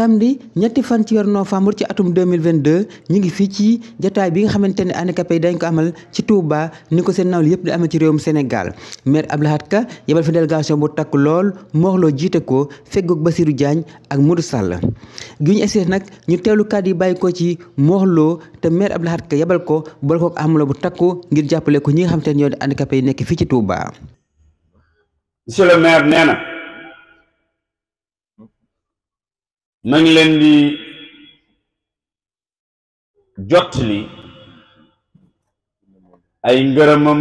samedi ñetti fan ci noo novembre ci atum 2022 ñu ngi fii ci jataay bi nga xamante ne handicapé yi dañ ko amal ci Touba ni ko seen nawle yëpp di amal ci réewum Sénégal maire Abdou Lahad Ka yebal fi délégation bu takk lool mooxloo jiite ko feggoog Basirou Diagne ak Modou Sall gi ñu essayé nag ñu teewlu kàddu yi bàyyi ko ci mooxloo te maire Abdou Lahad Ka yebal ko boole kook amuloo bu takku ngir jàppale ko ñi nga xamante ne ñoo di handicapé yi nekk fii ci Touba. monsieur ma leen di jottali ay ngërëmam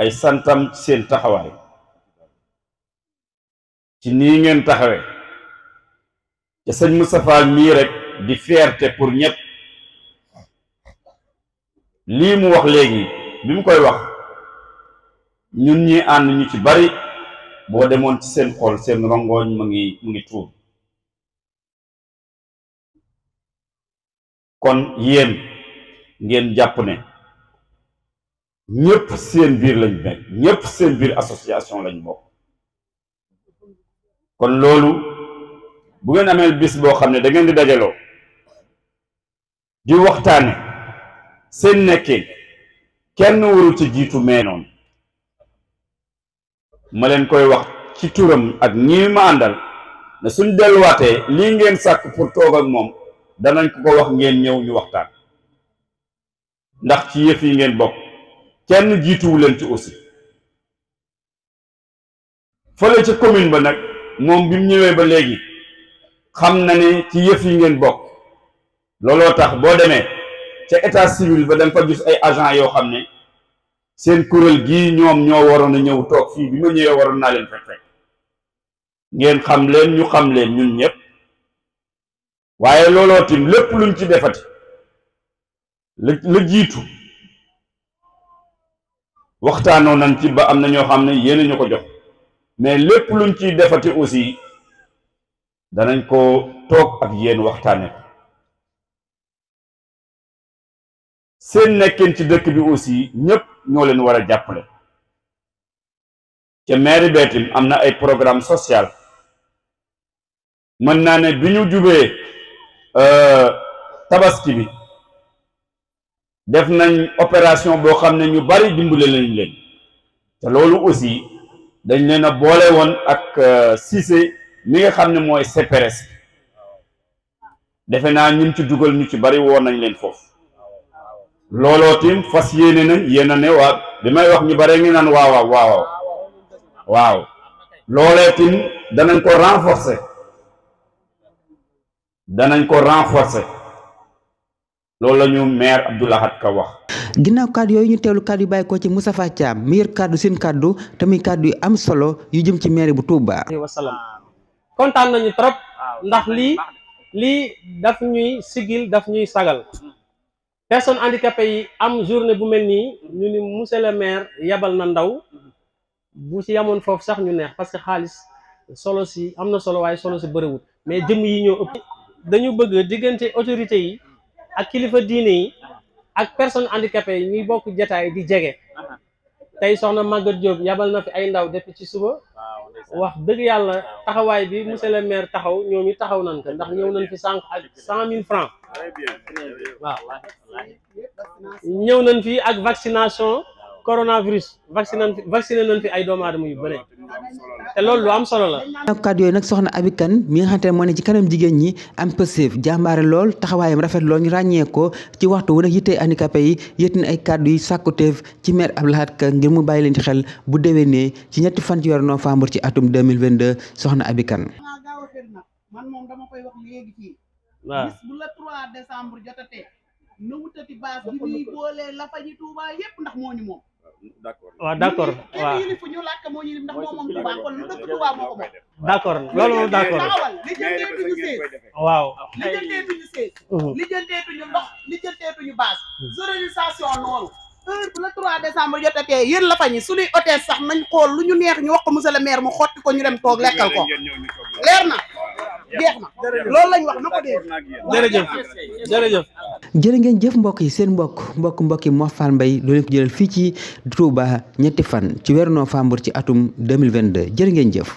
ay santam ci seen taxawaay ci nii ngeen taxawe ca sëñ Moustapha mii rek di fierté pour ñett lii mu wax léegi bi mu koy wax ñun ñi ànd ñu ci bari boo demoon ci seen xool seen rongoñ mu ngi mu ngi tuur kon yéen ngeen jàpp ne ñépp seen biir lañ nekk ñëpp seen biir association lañ bokk kon loolu bu ngeen amee bis boo xam ne da ngeen di dajaloo di waxtaane seen nekkee kenn waru ci jiitu meenoon ma leen koy wax ci turam ak ñi ma àndal ne suñ delluwaatee lii ngeen sàkk pour toog ak moom danañ ko ko wax ngeen ñëw ñu waxtaan ndax ci yëf yi ngeen bokk kenn jiituwu leen ci aussi fële ca commune ba nag moom bi mu ñëwee ba léegi xam na ne ci yëf yi ngeen bokk looloo tax boo demee ca état civil ba danga fa gis ay agent yoo xam ne seen kuréel gii ñoom ñoo waroon a ñëw toog fii bi ma ñëwee waroon naa leen fekk ngeen xam leen ñu xam leen ñun ñëpp waaye looloo tim lépp luñ ci defati la la jiitu waxtaanoo nañ ci ba am na ñoo xam ne yéen ñu ko jox mais lépp luñ ciy defati aussi danañ ko toog ak yéen waxtaane ko seen nekkin ci dëkk bi aussi ñëpp ñoo leen war a jàppale ca mairie beetim am na ay programme social mën naa ne bi ñu jubee Euh, tabaski bi def nañ opération boo xam ne ñu bari dimbale lañu leen te loolu aussi dañ leen a boole woon ak euh, Cissé mi nga xam ne mooy CPRS defe naa ñun ci dugal ñu ci bari woon nañ leen foofu looloo fas yéene nañ yéena ne waa bi may wax ñu bare ngi naan waaw waaw waaw waaw danañ ko renforcer danañ ko renforcé loolu la ñu maire abdoul ahad ka wax ginnaaw kàddu yooyu ñu teewlu kàddu yu bàyyi ko ci moussafa thiam meilleur kàddu seen kàddu te muy kàddu yu am solo yu jëm ci maire bu touba kontaan nañu trop ndax lii lii daf ñuy sigil daf ñuy sagal personne handicapé yi am journée bu mel nii ñu ni monsieur le maire yabal na ndaw bu ci yamoon foofu sax ñu neex parce que xaalis solo si am na solo waaye solo si bëriwut mais jëm yi ñoo ëpp dañu bëgg diggante autorité yi ak kilifa diine yi ak personne handicapée yi ñuy bokk jataay di jege tey soxna Maguette Diop yabal na fi ay ndaw depuis ci suba wax dëgg yàlla taxawaay bi monsieur le maire taxaw ñoom it taxaw nañ ko ndax ñëw nañ fi sànq ak cent mille francs waaw ñëw nañ fi ak vaccination coronavirus vacciné nañ fi ay doomu aadama yu bëre te loolu lu am solo la. ñoo yooyu nag soxna Abi Kane mi nga xamante ne ci kanam jigéen ñi am pëseef jàmbaare lool taxawaayam rafet lool ñu ràññeekoo ci waxtu wu nag yittee handicapé yi yéet na ay kàddu yi sàkkuteef ci maire Abdou Lahad Ka ngir mu bàyyi leen ci xel bu déwénee ci ñetti fan ci weeru novembre ci atum 2022 soxna Abi Kane. man moom dama d'accord waaw d'accord waaw yilif ñu làkk moo yilif ndax moo moom Touba kon lu dëkk Touba moo ko moom d'accord loolu moom d'accord li jëndeetuñu sees waaw li jëndeetuñu sees li jëndeetuñu ndox li jëndeetuñu base zéronisation loolu heure bu la 3 décembre jotatee yéen la fa ñi suñuy hôtesse sax nañ xool lu ñu neex ñu wax ko monsieur le maire mu xotti ko ñu dem toog lekkal ko leer na jeex na loolu lañ wax na ko dee jërëjëf jërëjëf jërë ngeen jëf mbokk yi seen mbokk mbokk mbokk yi Mor Fall Mbaye loo leen fii ci Touba ñetti fan ci weeru novembre ci atum 2022 jërë ngeen jëf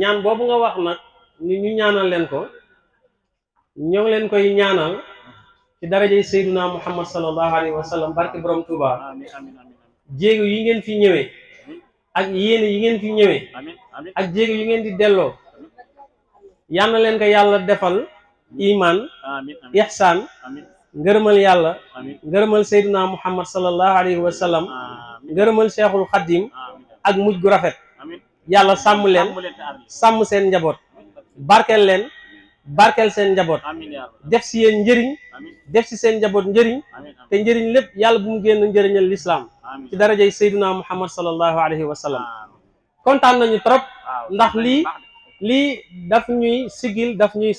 ñaan boobu nga wax nag ñu ñu ñaanal leen ko ñoo leen koy ñaanal ci darajay sayduna muhammad sallallahu alayhi wa sallam barke borom tuuba jéego yi ngeen fi ñëwee ak yéene yi ngeen fi ñëwee ak jéego yu ngeen di delloo yal leen ko yàlla defal iman ihsaan ngërëmal yàlla ngërëmal sayduna muhammad sallallahu alayhi wa sallam ngërëmal cheikhul xadim ak mujj gu rafet yalla sam len sam sen njabot barkel len barkel sen njabot def ci yeen njeriñ def ci sen njabot njeriñ te njeriñ lepp yalla bu mu genn njeriñal l'islam ci daraje sayyidina muhammad sallallahu alaihi wasallam kontan nañu trop ndax li li daf ñuy sigil daf ñuy